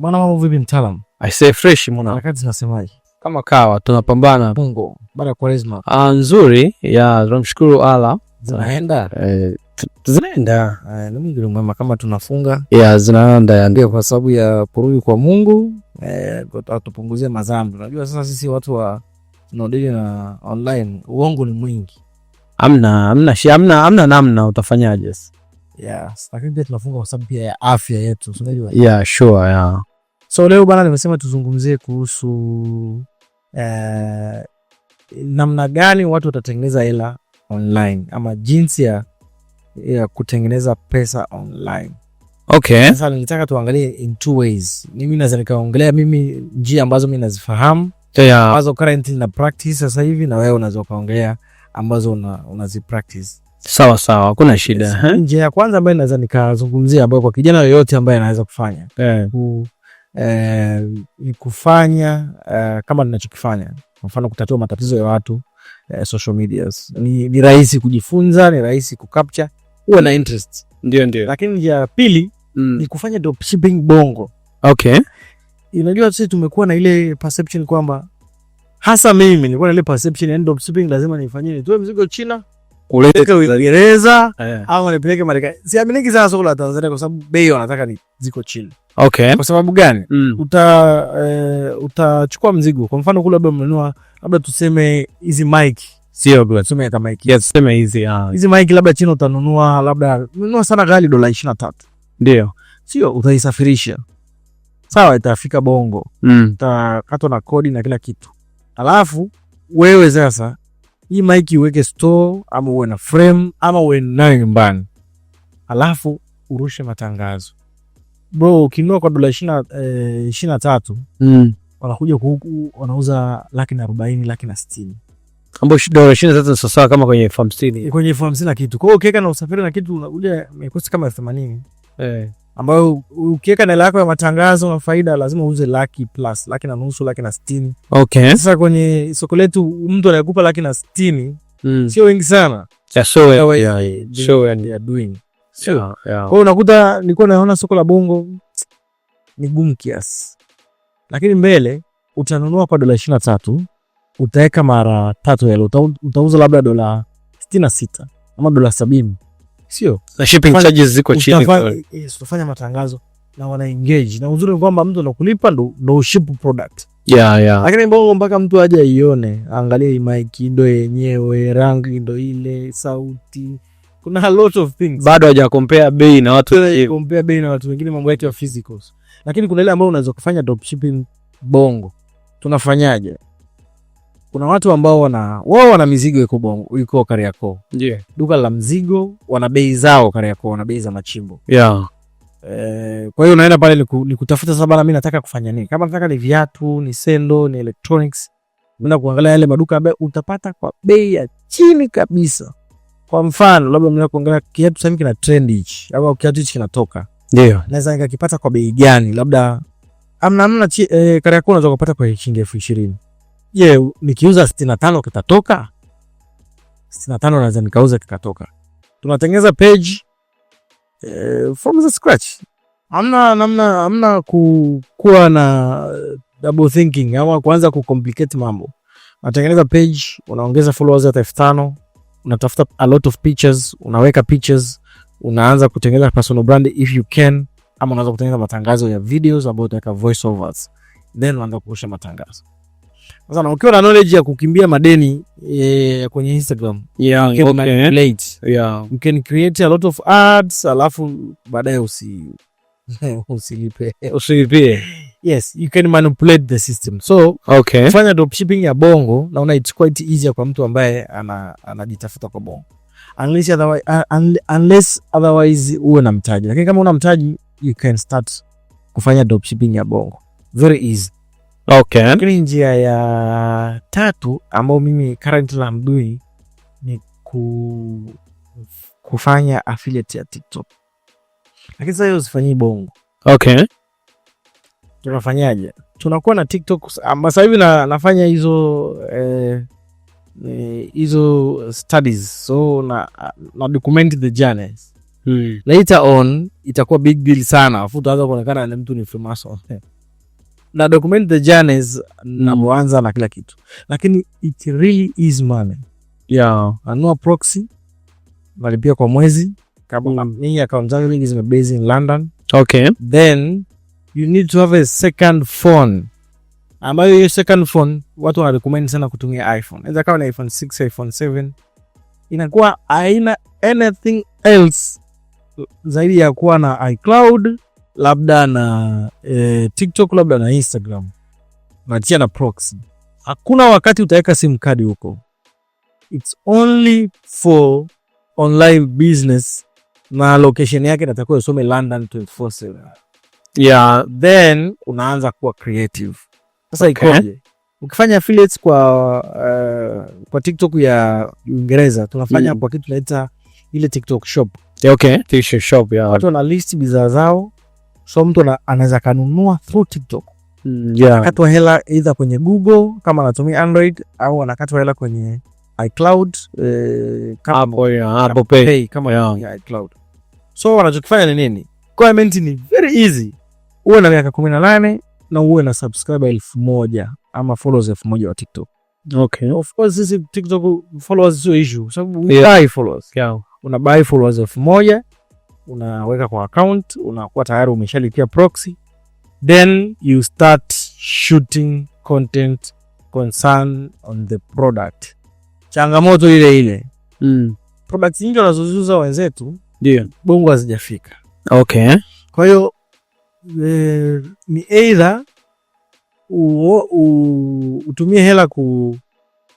Bwana mambo vipi mtaalamu? I say fresh mwana. Harakati zinasemaje? Kama kawa tunapambana. Mungu, baada ya Kwaresma. Ah, nzuri. Ya tunamshukuru Allah. Zinaenda. Eh, zinaenda. Eh, ni Mungu mwema kama tunafunga. Ya zinaenda ya ndio kwa sababu ya kurudi kwa Mungu. Eh, atupunguzie madhambi. Unajua sasa sisi watu wa tunaodili na online uongo ni mwingi. Amna, amna, shi, amna, amna namna utafanyaje sasa? Yeah, lakini pia tunafunga kwa sababu pia ya afya yetu, unajua. Yeah, sure, yeah. So leo bwana, nimesema tuzungumzie kuhusu eh, namna gani watu watatengeneza hela online ama jinsi ya, ya kutengeneza pesa online. Okay. Sasa nilitaka tuangalie in two ways. Mimi naweza nikaongelea mimi njia ambazo mi nazifahamu yeah, ambazo currently na practice sasa hivi, na wewe unaweza ukaongelea ambazo unazi practice. Sawa sawa, hakuna shida. Eh? Njia ya kwanza ambayo naweza nikazungumzia ambayo kwa kijana yoyote ambaye anaweza kufanya yeah, eh, kufanya eh, kama ninachokifanya kwa mfano kutatua matatizo ya watu eh, social medias ni, ni rahisi kujifunza, ni rahisi kucapture, uwe na interest ndio ndio. Lakini ya pili mm. ni kufanya dropshipping bongo. Okay, unajua sisi tumekuwa na ile perception kwamba hasa mimi nilikuwa na ile perception ya yaani dropshipping lazima nifanyie nitoe mzigo China kuleta Uingereza eh. au nipeleke Marekani. Siaminiki sana soko la Tanzania kwa sababu bei wanataka ni ziko chini Okay. Kwa sababu gani? Mm. Uta e, utachukua mzigo. Kwa mfano kule labda umenunua labda tuseme hizi mic. Sio bwana, tuseme hata mic. Yes, tuseme hizi ah. Hizi mic labda chini utanunua labda nunua sana ghali dola 23. Ndio. Sio utaisafirisha. Sawa, itafika Bongo. Mm. Utakatwa na kodi na kila kitu. Alafu wewe sasa hii mic uweke store ama uwe na frame ama uwe nayo nyumbani. Alafu urushe matangazo bro, ukinunua kwa dola ishirini na eh, tatu mm. wanakuja huku wanauza laki na arobaini laki na sitini ambao dola ishirini na tatu ni sawasawa kama kwenye elfu hamsini eh, kwenye elfu hamsini na kitu. Kwa hiyo ukiweka na usafiri na kitu unakuja mekosi kama elfu themanini eh, ambayo ukiweka na hela yako ya matangazo na faida, lazima uuze laki plus laki na nusu laki na sitini. Okay, sasa kwenye soko letu mtu anayekupa laki na sitini, mm. sio wengi sana. Yeah, so yeah, yeah, yeah, yeah, are doing sio? yeah, yeah. Kwa hiyo unakuta nilikuwa naona soko la Bongo ni gumu kiasi, lakini mbele utanunua kwa dola ishirini na tatu utaweka mara tatu hela, utauza labda dola sitini na sita ama dola sabini sio? Na shipping charges ziko chini, yes, utafanya matangazo na wana engage, na uzuri kwamba mtu anakulipa ndo ndo ship product yeah, yeah. Lakini Bongo mpaka mtu aje aione, angalie mic ndo yenyewe, rangi ndo ile, sauti kuna a lot of things bado haja bei na watu wengine, bei na watu wengine, mambo yake ya physicals. Lakini kuna ile ambayo unaweza kufanya dropshipping Bongo. Tunafanyaje? Kuna watu ambao wana wao wana mizigo iko Bongo, iko Kariakoo, yeah. duka la mzigo, wana bei zao Kariakoo, wana bei za machimbo yeah. Eh, kwa hiyo unaenda pale ni kutafuta sasa, mimi nataka kufanya nini? Kama nataka ni viatu, ni sendo, ni electronics, unaenda kuangalia yale maduka ambayo utapata kwa bei ya chini kabisa. Kwa mfano labda mnaweza kuangalia kiatu sasa hivi kina trend hichi au kiatu hichi kinatoka, ndio naweza nikakipata kwa bei gani? Labda amna amna eh, Kariakoo unaweza kupata kwa shilingi elfu ishirini. Je, nikiuza sitini na tano kitatoka? sitini na tano naweza nikauza kikatoka. Tunatengeneza page e, from the scratch. Amna namna amna kukuwa na eh, double thinking au kuanza kucomplicate mambo. Natengeneza page, unaongeza followers hata elfu tano unatafuta a lot of pictures, unaweka pictures, unaanza kutengeneza personal brand if you can, ama unaanza kutengeneza matangazo ya videos ambayo utaweka voice overs, then unaanza kurusha matangazo. Sasa na ukiwa na knowledge ya kukimbia madeni eh, kwenye Instagram yeah, you can okay. manipulate yeah, you can create a lot of ads, alafu baadaye usi usilipe usilipe Yes, you can manipulate the system. So, okay. Kufanya dropshipping ya bongo naona it's quite easier kwa mtu ambaye anajitafuta ana kwa bongo. Unless otherwise, uh, unless otherwise uwe na mtaji. Lakini kama una mtaji you can start kufanya dropshipping ya bongo. Very easy. Okay. Lakini njia ya tatu ambayo mimi currently I'm doing ni ku, kufanya affiliate ya TikTok. Lakini sasa hiyo usifanyii bongo. Okay tunafanyaje? Tunakuwa na TikTok ah, sasa hivi na, nafanya hizo hizo eh, eh, studies so na, na document the journeys hmm. Later on itakuwa big deal sana, afu tuanza kuonekana ni mtu ni Freemason na document the journeys naanza na kila kitu, lakini it really is money yeah. Anua proxy nalipia kwa mwezi kama mm. account zangu mingi zimebase in London okay. Then you need to have a second phone, ambayo hiyo second phone watu wanarecommend sana kutumia iPhone. Inaweza kawa ni iPhone 6, iPhone 7, inakuwa haina anything else zaidi ya kuwa na iCloud labda na eh, TikTok labda na Instagram natia na proxy. Hakuna wakati utaweka sim kadi huko, it's only for online business, na location yake natakuwa usome London 24/7 yeah, then unaanza kuwa creative sasa. Okay. Ikoje ukifanya affiliates kwa uh, kwa TikTok ya Uingereza tunafanya mm. kwa kitu tunaita ile TikTok shop. Okay. TikTok shop yeah. watu wana list bidhaa zao, so mtu anaweza kanunua through TikTok mm, yeah. Anakatwa hela either kwenye Google kama anatumia Android au anakatwa hela kwenye iCloud eh, kama Apple, yeah, Apple Pay, Pay kama yeah. iCloud. So wanachokifanya ni nini? Comment ni very easy uwe na miaka kumi na nane na uwe na subscriber elfu moja ama followers elfu moja wa TikTok. Okay. Of course TikTok followers sio issue yeah. Buy followers. Yeah. Una buy followers elfu moja unaweka kwa account, unakuwa tayari umeshalipia proxy, then you start shooting content concern on the product. Changamoto ile ile mm. Products nyingi wanazoziuza wenzetu ndio Bongo hazijafika. Okay. Kwa hiyo e, ni either utumie hela ku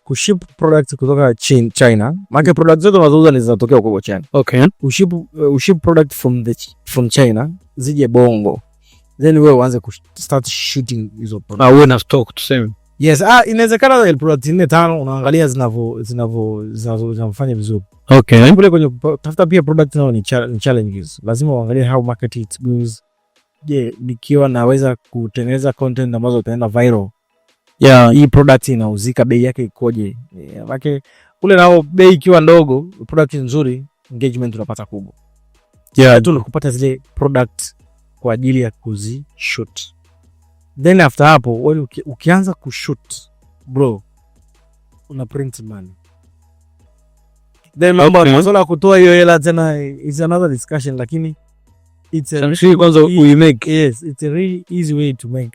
kuship product kutoka China, Maana product zote unazouza ni zinatokea huko China. Okay. Uship, eh, uship product from the from China zije Bongo. Then wewe uanze ku start shooting hizo product. Ah, wewe na stock tuseme. Yes, ah, inawezekana ile product nne tano unaangalia zinavyo zinavyo zinafanya vizuri. Okay. Kule kwenye tafuta pia product nao ni challenges. Lazima uangalie how market it goes je, nikiwa naweza kutengeneza content ambazo zitaenda viral ya yeah. Hii product inauzika, bei yake ikoje? yeah, ule nao bei ikiwa ndogo, product nzuri, engagement unapata kubwa yeah. Tu kupata zile product kwa ajili ya kuzi shoot, then after hapo wewe uki, ukianza kushoot bro, una print money then mambo okay. ya kutoa hiyo hela tena is another discussion lakini it's kwanza uimake. Yes, it's a really easy way to make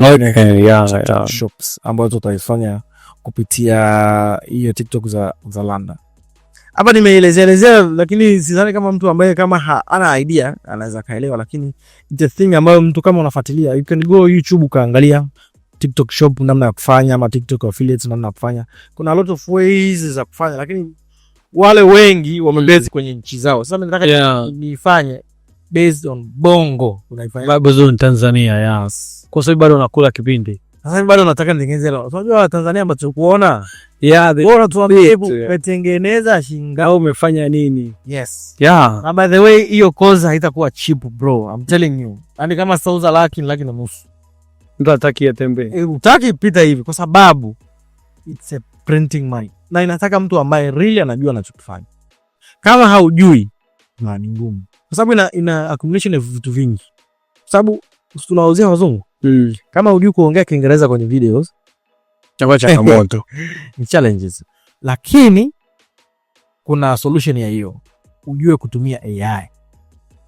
okay, yeah, shops ambazo utaifanya kupitia hiyo TikTok za za landa Hapa nimeelezea elezea, lakini sidhani kama mtu ambaye kama ana idea anaweza kaelewa, lakini it's a thing ambayo mtu kama unafuatilia, you can go YouTube ukaangalia TikTok shop namna ya kufanya ama TikTok affiliates namna ya kufanya. Kuna a lot of ways za kufanya, lakini wale wengi wamebezi mm. kwenye nchi zao. Sasa nataka yeah, nifanye based on bongo Tanzania, yes. Kwa sababu bado unakula kipindi sasa, bado nataka nitengeneze leo. Unajua Tanzania yeah, bora umetengeneza shinga au umefanya nini? Yes, yeah. Na by the way hiyo koza haitakuwa cheap bro, I'm telling you, yaani kama sauza laki laki na nusu e, utaki pita hivi, kwa sababu it's a printing money na inataka mtu ambaye really anajua anachokifanya. Kama haujui na ni ngumu kwa sababu ina, ina accumulation ya vitu vingi, kwa sababu tunawauzia wazungu mm. Kama hujui kuongea Kiingereza kwenye videos chakua changamoto ni challenges, lakini kuna solution ya hiyo, ujue kutumia AI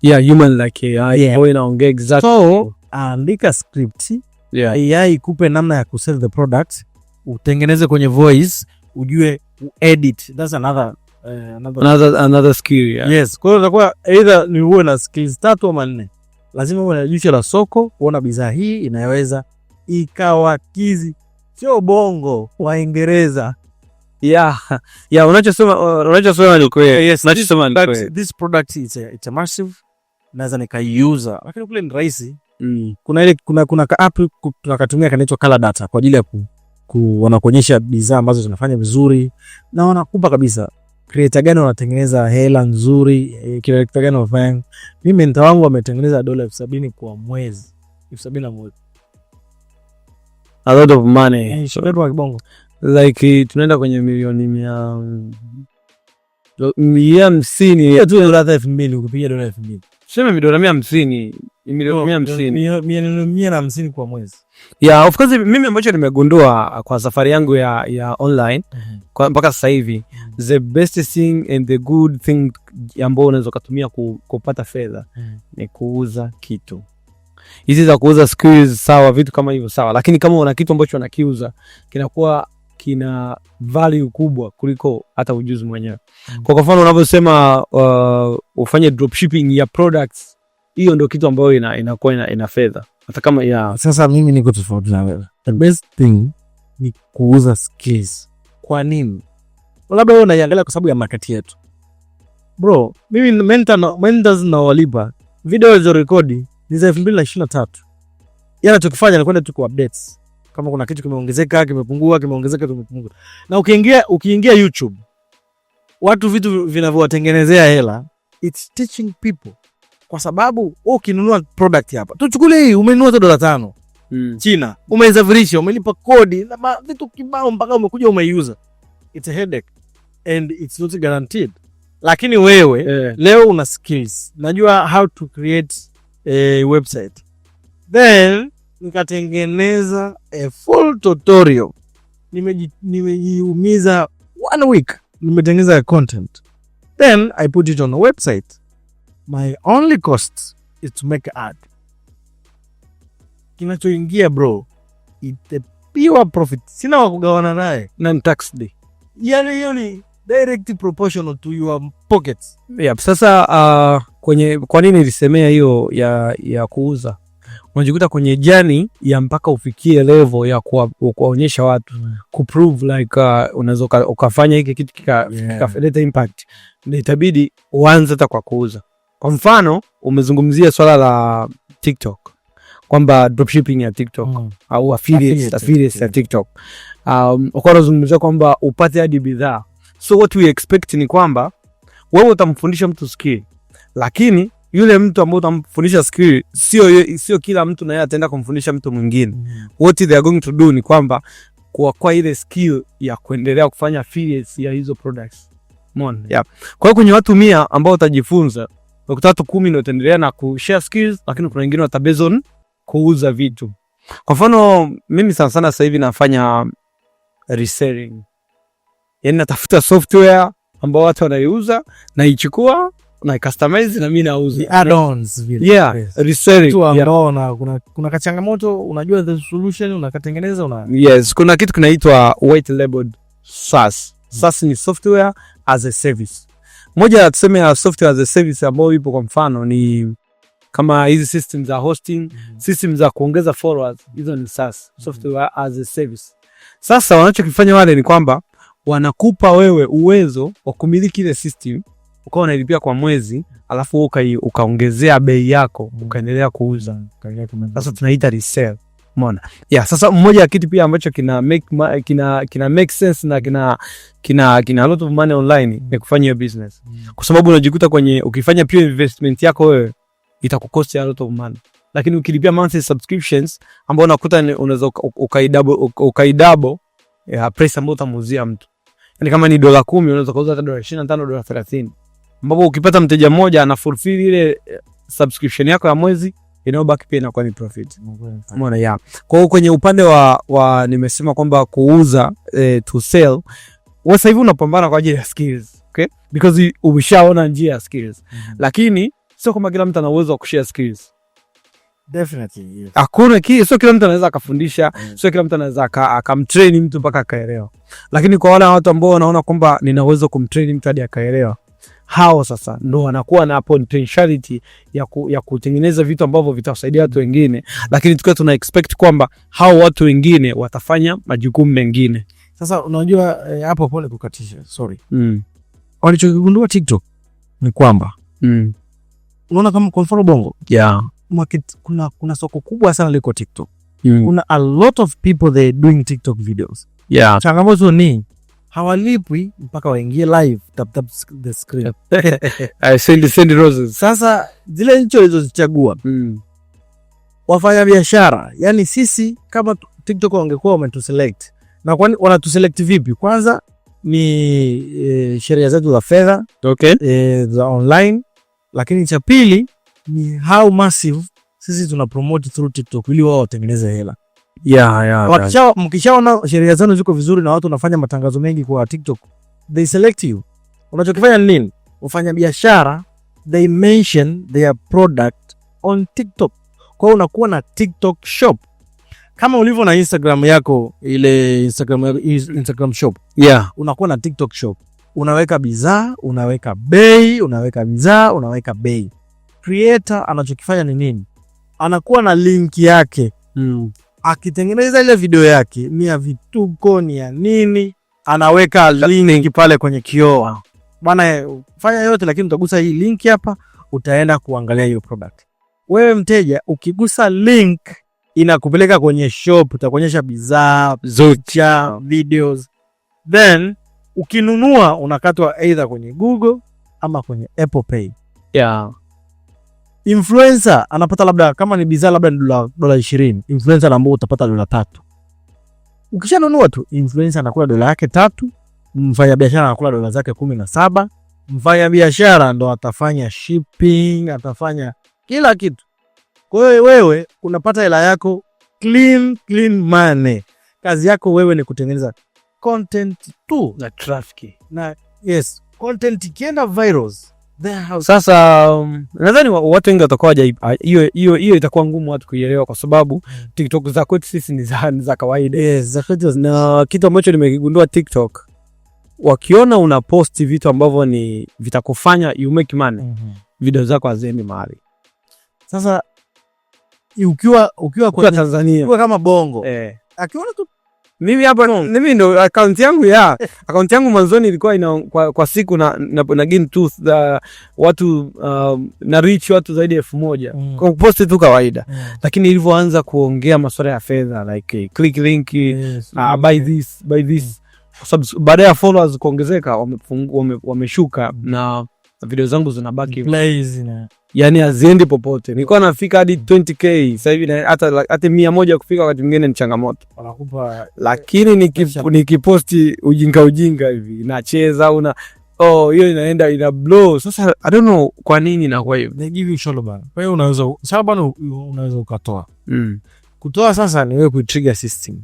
yeah, human like AI yeah. Inaongea exactly so, andika script yeah. AI ikupe namna ya kusell the product, utengeneze kwenye voice, ujue uedit. That's another eh, another, either ni uwe na skills tatu ama nne, lazima uwe na jicho la soko kuona bidhaa hii inaweza ikawakizi, sio bongo Waingereza Yeah. Yeah, unachosema uh, unachosema ni kweli. Yes, unachosema ni kweli. This product is a, uh, it's a massive. Naweza nikaiuza. Lakini kule ni rahisi. Mm. Kuna ile kuna kuna ka app tunakatumia kanaitwa Color Data kwa ajili ya ku, ku wanakuonyesha bidhaa ambazo zinafanya vizuri na wanakupa kabisa creator gani wanatengeneza hela nzuri, eh, creator gani wanafanya. Mimi menta wangu ametengeneza dola elfu sabini kwa mwezi, elfu sabini na mwezi a lot of money eh, kibongo, like tunaenda kwenye milioni mia mia hamsini tu, dola elfu mbili ukipiga dola elfu mbili Sema milioni mia hamsini oh, mia na hamsini kwa mwezi. of course mimi ambacho nimegundua kwa safari yangu ya, ya online kwa mpaka sasa hivi the best thing and the good thing ambayo unaweza kutumia kupata fedha ni kuuza kitu. Hizi za kuuza skills sawa, vitu kama hivyo sawa, lakini kama una kitu ambacho unakiuza kinakuwa kina value kubwa kuliko hata ujuzi mwenyewe. Mm. Kwa mfano unavyosema uh, ufanye dropshipping ya products, hiyo ndio kitu ambayo ina inakuwa ina, ina fedha hata kama ya. Sasa mimi niko tofauti na wewe. The mm. best thing ni kuuza skills. Kwa nini? Labda wewe unaiangalia kwa sababu ya market yetu. Bro, mimi mentor mentors na walipa video zilizorekodi ni za 2023. yana tukifanya ni kwenda tu ku updates kama kuna kitu kimeongezeka, kimepungua, kimeongezeka, kimepungua. Na ukiingia ukiingia YouTube watu vitu vinavyowatengenezea hela it's teaching people, kwa sababu wewe ukinunua product hapa, tuchukulie hii, umenunua dola tano mm. China, umeisafirisha, umelipa kodi na vitu kibao, mpaka umekuja umeiuza, it's a headache and it's not guaranteed. Lakini wewe yeah. Leo una skills, najua how to create a website then nikatengeneza a full tutorial, nimejiumiza one week, nimetengeneza content then I put it on the website. My only cost is to make ad. Kinachoingia bro, it's a pure profit, sina wa kugawana naye na tax day, yani hiyo ni direct proportional to your pockets. Yep, sasa uh, kwenye kwa nini nilisemea hiyo ya, ya kuuza unajikuta kwenye jani ya mpaka ufikie level ya kuwaonyesha watu ku prove like uh, unaweza ukafanya hiki kitu kikaleta impact, na itabidi uanze hata kwa kuuza. Kwa mfano umezungumzia swala la TikTok kwamba dropshipping ya TikTok mm. au affiliate affiliate ya TikTok um, ukawa unazungumzia kwamba upate hadi bidhaa. So what we expect ni kwamba wewe utamfundisha mtu skill, lakini yule mtu ambaye utamfundisha skill, sio sio kila mtu naye ataenda kumfundisha mtu mwingine. Mm. What they are going to do ni kwamba kwa kwa ile skill ya kuendelea kufanya affiliates ya hizo products. Umeona? Yeah. Kwa hiyo kwenye watu 100 ambao utajifunza, wakati watu 10 ndio utaendelea na kushare skills, lakini kuna wengine watabase on kuuza vitu. Kwa mfano mimi sana sana sasa hivi nafanya reselling. Yaani natafuta software ambao watu wanaiuza naichukua customize na nauza kuna kachangamoto, unajua the solution unakatengeneza una yes, kuna kitu kinaitwa white labeled mm. ni software as a service. Moja tuseme ya software as a service ambayo ipo kwa mfano ni kama hizi system za hosting, mm. system za kuongeza followers, hizo ni SaaS, mm. software as a service. Sasa wanachokifanya wale ni kwamba wanakupa wewe uwezo wa kumiliki ile system ukawa unailipia kwa mwezi, alafu uka, ukaongezea bei yako mm. ukaendelea kuuza. Mm. Sasa tunaita resell. mona ya Yeah, sasa mmoja ya kitu pia ambacho kina make ma, kina kina make sense na kina kina kina lot of money online ni kufanya hiyo business. mm. Kwa sababu unajikuta kwenye ukifanya pure investment yako wewe itakukosti a lot of money. Lakini ukilipia monthly subscriptions ambao unakuta unaweza ukaidouble ukaidouble ya price ambayo utamuuzia mtu. yani kama ni dola 10 unaweza kuuza hata dola 25, dola 30 ambapo ukipata mteja mmoja ana fulfill ile eh, subscription yako ya mwezi inayobaki pia inakuwa ni profit. Umeona ya. Kwa hiyo kwenye upande wa, wa nimesema kwamba kuuza eh, to sell wewe sasa hivi unapambana kwa ajili ya skills, okay? Because umeshaona njia ya skills. Mm -hmm. Lakini sio kama kila mtu ana uwezo wa kushare skills. Definitely. Hakuna yes. Sio kila mtu anaweza akafundisha, mm. Sio kila mtu anaweza akamtrain mtu mpaka akaelewa. Lakini kwa wale watu ambao wanaona kwamba ninaweza kumtrain mtu hadi akaelewa hao sasa ndo wanakuwa na potentiality ya, ku, ya kutengeneza vitu ambavyo vitawasaidia watu wengine, lakini tukiwa tuna expect kwamba hao watu wengine watafanya majukumu mengine. Sasa unajua eh, hapo eh, pole kukatisha, sorry mm. Walichogundua TikTok ni kwamba mm. unaona kama kwa mfano Bongo yeah. Market, kuna, kuna soko kubwa sana liko TikTok mm. kuna a lot of people they doing TikTok videos yeah. Changamoto ni hawalipwi mpaka waingie live tap tap the screen. I send send roses. Sasa zile nchi walizozichagua mm. wafanya biashara, yani sisi kama TikTok wangekuwa wametuselect na kwani wanatuselect vipi? Kwanza ni e, sheria zetu za fedha okay. E, za online, lakini cha pili ni how massive sisi tuna promote through TikTok ili wao watengeneze hela yeah, yeah, mkishaona sheria zenu ziko vizuri na watu wanafanya matangazo mengi kwa TikTok, they select you. Unachokifanya ni nini? Wafanya biashara they mention their product on TikTok. Kwa hiyo unakuwa na TikTok shop kama ulivyo na Instagram yako ile Instagram, Instagram shop yeah. Unakuwa na TikTok shop, unaweka bidhaa, unaweka bei, unaweka bidhaa, unaweka bei. Creator anachokifanya ni nini? Anakuwa na link yake mm akitengeneza ile video yake ni ya vituko, ni ya nini, anaweka link pale kwenye kioa bana, fanya yote lakini utagusa hii link hapa, utaenda kuangalia hiyo product. Wewe mteja ukigusa link inakupeleka kwenye shop, utakuonyesha bidhaa zote videos, then ukinunua unakatwa either kwenye Google ama kwenye Apple Pay yeah. Influencer anapata labda kama ni bidhaa labda ni dola ishirini, influencer anaambia utapata dola tatu. Ukishanunua tu influencer anakula dola yake tatu, mfanyabiashara anakula dola zake kumi na saba. Mfanyabiashara ndo atafanya shipping, atafanya kila kitu. Kwa hiyo wewe unapata hela yako clean clean money. Kazi yako wewe ni kutengeneza content tu na traffic, na yes, content ikienda virals sasa um, nadhani watu wengi watakuwa hiyo hiyo itakuwa ngumu watu kuielewa kwa sababu mm. TikTok za kwetu sisi ni za, za kawaida yes, za kwetu, na kitu ambacho nimegundua TikTok, wakiona una post vitu ambavyo ni vitakufanya you make money mm -hmm. video zako haziendi mahali. Sasa ukiwa ukiwa kwa Tanzania ukiwa kama bongo eh, akiona tu mimi hapa mimi ndo account yangu ya account yangu mwanzoni ilikuwa ina kwa, kwa siku na na, na gain tu uh, watu uh, na reach watu zaidi ya elfu moja mm. kwa kuposti tu kawaida mm. lakini ilivyoanza kuongea masuala ya fedha like uh, click link yes, uh, eh, okay. Ah, buy this buy this mm. baada ya followers kuongezeka wameshuka wame, wame mm. na video zangu zinabaki na yani haziendi popote. Nilikuwa nafika hadi 20k sasa hivi hata hata mia moja kufika wakati mwingine ni changamoto eh, lakini nikiposti niki ujinga ujinga hivi nacheza au na oh, hiyo inaenda ina blow. Sasa I don't know kwa nini inakuwa hivyo, they give you shot bana. Kwa hiyo unaweza sasa bana, unaweza ukatoa mm. Kutoa sasa ni wewe kuitrigger system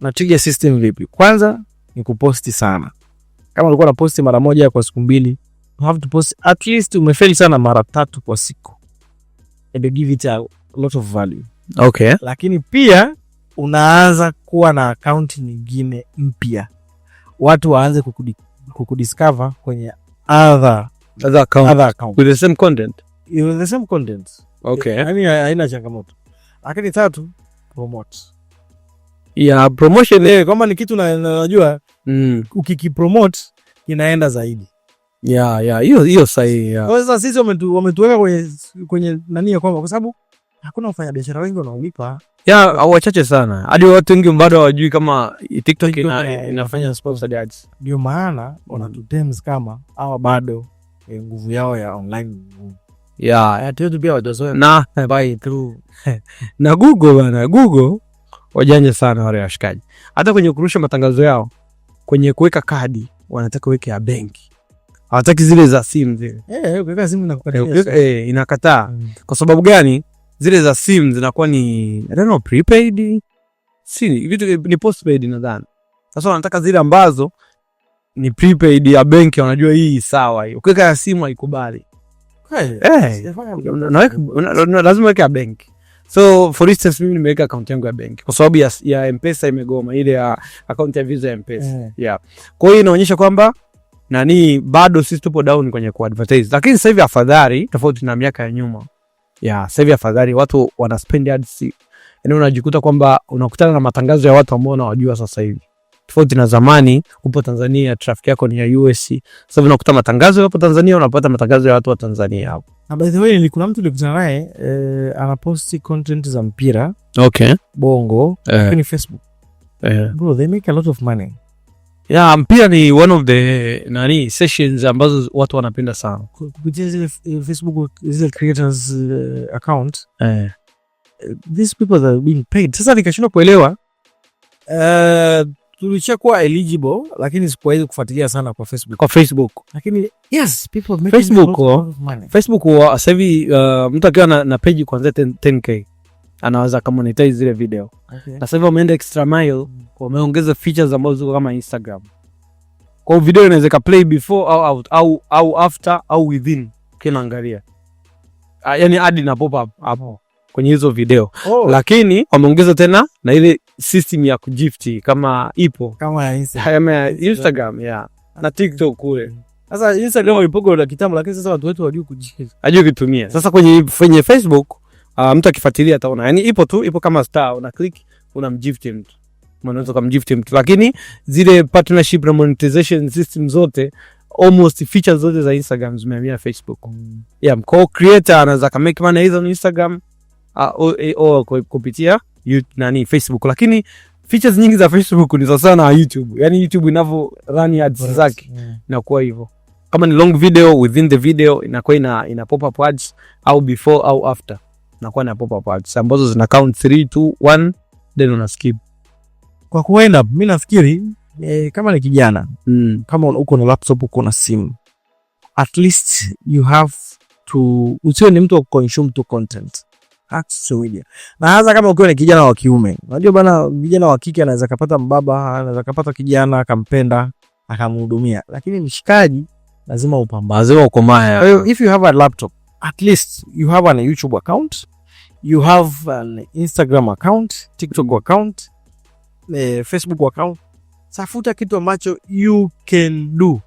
na trigger system vipi? Kwanza ni kuposti sana, kama ulikuwa unaposti mara moja kwa siku mbili have to post at least umefeli sana mara tatu kwa siku, and you give it a lot of value. Okay, lakini pia unaanza kuwa na akaunti nyingine mpya, watu waanze kukudi, kukudiscover kwenye other other account, other account with the same content, with the same content. Okay, I mean, haina changamoto. Lakini tatu, promote yeah, promotion eh, kama ni kitu najua mm. Ukikipromote inaenda zaidi hiyo hiyo sahihi. Sasa sisi wametuweka kwenye kwenye nani ya kwamba kwa sababu hakuna wafanya biashara wengi wanaolipa ya au wachache sana, hadi watu wengi bado hawajui kama TikTok ina, inafanya sponsored ads. Ndio maana wanatutems kama hawa bado eh, nguvu yao ya online ya eh, na buy through na Google bana, Google wajanja sana wale washikaji, hata kwenye kurusha matangazo yao kwenye kuweka kadi wanataka uweke ya benki hawataki zile za simu zile. Eh, eh ukiweka simu inakukata. Eh, eh, inakataa. Mm. Kwa sababu gani? Zile za simu zinakuwa ni I don't know prepaid. Si vitu ni postpaid nadhani. Sasa wanataka zile ambazo ni prepaid ya benki, wanajua hii sawa hii. Ukiweka ya simu haikubali. Eh, lazima weke ya benki. So for instance mimi nimeweka akaunti yangu ya benki kwa sababu ya, ya Mpesa imegoma ile ya akaunti ya Visa ya Mpesa. yeah. Yeah. Kwa hiyo inaonyesha kwamba nani, bado sisi tupo down kwenye ku advertise, lakini sasa hivi afadhali, tofauti na miaka ya nyuma ya sasa hivi afadhali watu wana spend ads, yani unajikuta kwamba unakutana na matangazo ya watu ambao unawajua sasa hivi, tofauti na zamani. Upo Tanzania, traffic yako ni ya US, sasa unakuta matangazo hapo Tanzania, unapata matangazo ya watu wa Tanzania hapo. Na by the way, kuna mtu nilikutana naye eh, anaposti content za mpira okay, bongo eh. kwenye Facebook eh, bro they make a lot of money Yeah, mpira ni one of the nani sessions ambazo watu wanapenda sana kupitia zile eh, Facebook zile creators uh, account eh. eh. These people that are being paid. Sasa nikashindwa kuelewa uh, tulicha kuwa eligible lakini sikuwezi kufuatilia sana kwa Facebook. Kwa Facebook. Lakini yes, people make Facebook, oh. Facebook lot oh, sasa hivi uh, mtu akiwa na, na page kuanzia 10k anaweza kamonetize zile video okay. Na sasa hivi wameenda extra mile, mm. wameongeza features ambazo ziko kama Instagram. Kwa hiyo video inaweza ka play before au out au au after au within, kinaangalia ah, yani ad ina pop up hapo kwenye hizo video oh. Lakini wameongeza tena na ile system ya kugift kama ipo kama ya Instagram, Instagram yeah. na ah. TikTok kule sasa Instagram ipo kwa kitambo, lakini sasa watu wetu hawajui kujifunza, hawajui kutumia. Sasa kwenye kwenye Facebook Uh, mtu akifuatilia ataona, yani ipo tu, ipo kama star, una click unamgift mtu, unaweza kumgift mtu, lakini zile partnership na monetization system zote almost features zote za Instagram zimehamia Facebook. Mm. Yeah, mko creator anaweza ka make money hizo ni Instagram au ah, au kupitia YouTube nani Facebook, lakini features nyingi za Facebook ni sawa na YouTube. Yani YouTube inavyo run ads zake yeah, na inakuwa hivyo. Kama ni long video, within the video inakuwa ina, ina pop up ads au before au after nakuwa na pop up ads ambazo zina count 3 2 1 then una skip. Kwa kuenda mimi nafikiri e, kama ni kijana mm, kama uko na laptop uko na simu at least you have to usiwe ni mtu wa consume to content media na hasa kama ukiwa ni kijana wa kiume. Unajua bana, vijana wa kike anaweza kapata mbaba, anaweza kapata kijana akampenda akamhudumia, lakini mshikaji lazima upambaze, lazima ukomae. Kwa hiyo if you have a laptop at least you have an YouTube account you have an Instagram account, TikTok mm-hmm. account, eh, Facebook account. Tafuta kitu ambacho you can do.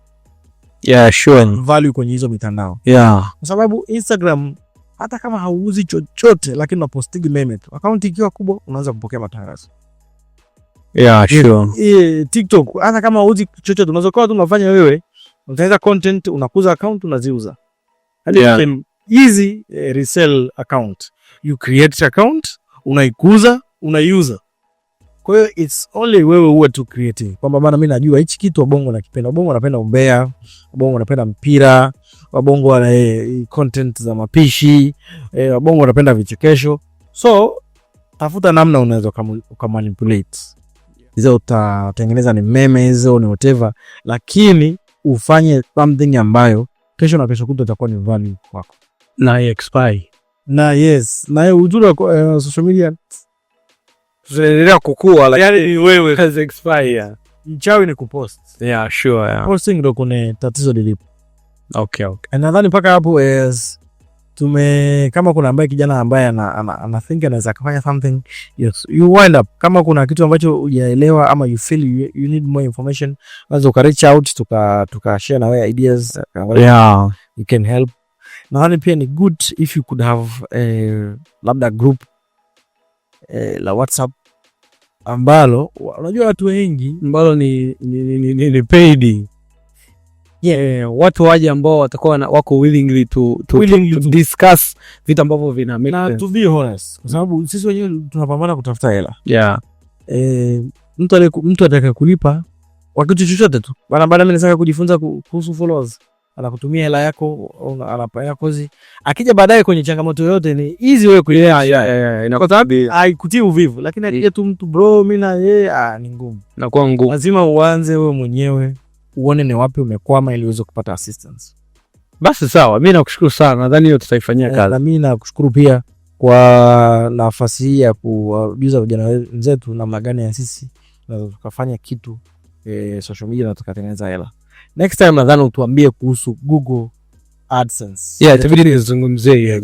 Yeah, sure. Value kwenye hizo mitandao. Yeah. Kwa sababu Instagram hata kama hauuzi chochote lakini unapostigi meme tu. Akaunti ikiwa kubwa unaanza kupokea matangazo. Yeah, eh, sure. Eh, TikTok hata kama hauuzi chochote unaweza kuwa tu unafanya wewe, unatengeneza content, unakuza account, unaziuza. Hadi yeah. Hizi eh, resell account you create account, unaikuza, unaiuza. Kwa hiyo it's only wewe uwe tu creating Kwamba bana mimi najua hichi kitu wabongo nakipenda. Wabongo wanapenda umbea, wabongo wanapenda mpira, wabongo wana eh, content za mapishi, eh, wabongo wanapenda vichekesho. So tafuta namna unaweza ukamanipulate. Hizo utatengeneza ni meme hizo ni whatever, lakini ufanye something ambayo kesho na kesho kutwa itakuwa ni value kwako. Na expire na yes na uzuri wa uh, social media tunaendelea kukua, yani wewe has expire mchawi ni kupost. Yeah, sure, yeah. Posting ndo kuna tatizo lilipo. Okay, okay. Nadhani mpaka hapo is tume kama kuna ambaye kijana ambaye ana, ana, ana think anaweza kufanya something yes. You wind up kama kuna kitu ambacho hujaelewa ama you feel you, you need more information, unaweza uka reach out tuka tuka share na wewe ideas. Yeah. You can help Nadhani pia ni good if you could have eh, labda group eh, la WhatsApp ambalo unajua watu wengi ambalo ni, ni, ni, ni, ni ni paid yeah, Eh, watu waje ambao watakuwa wako willingly to, to, willingly to, to to discuss vitu ambavyo vina make sense. Na to be honest, kwa sababu sisi wenyewe tunapambana kutafuta hela yeah. Eh, mtu mtu kulipa kwa kitu chochote tu bana, baada mimi nataka kujifunza kuhusu followers anakutumia hela yako, anapaya kozi, akija baadaye kwenye changamoto yote ni easy wewe Yeah, yeah, yeah. inakuwa sababu haikutii uvivu, lakini akija tu mtu bro, mimi na yeye, ah, ni ngumu, inakuwa ngumu. Lazima uanze wewe mwenyewe uone ni wapi umekwama, ili uweze kupata assistance. Basi sawa, mimi nakushukuru sana, nadhani hiyo tutaifanyia eh, kazi. Na mimi nakushukuru pia kwa nafasi hii ya kuwajuza vijana wenzetu namna gani ya sisi tunaweza tukafanya kitu eh, social media na tukatengeneza hela. Next time nadhani utuambie kuhusu Google AdSense. Yeah, itabidi nizungumzie hiyo.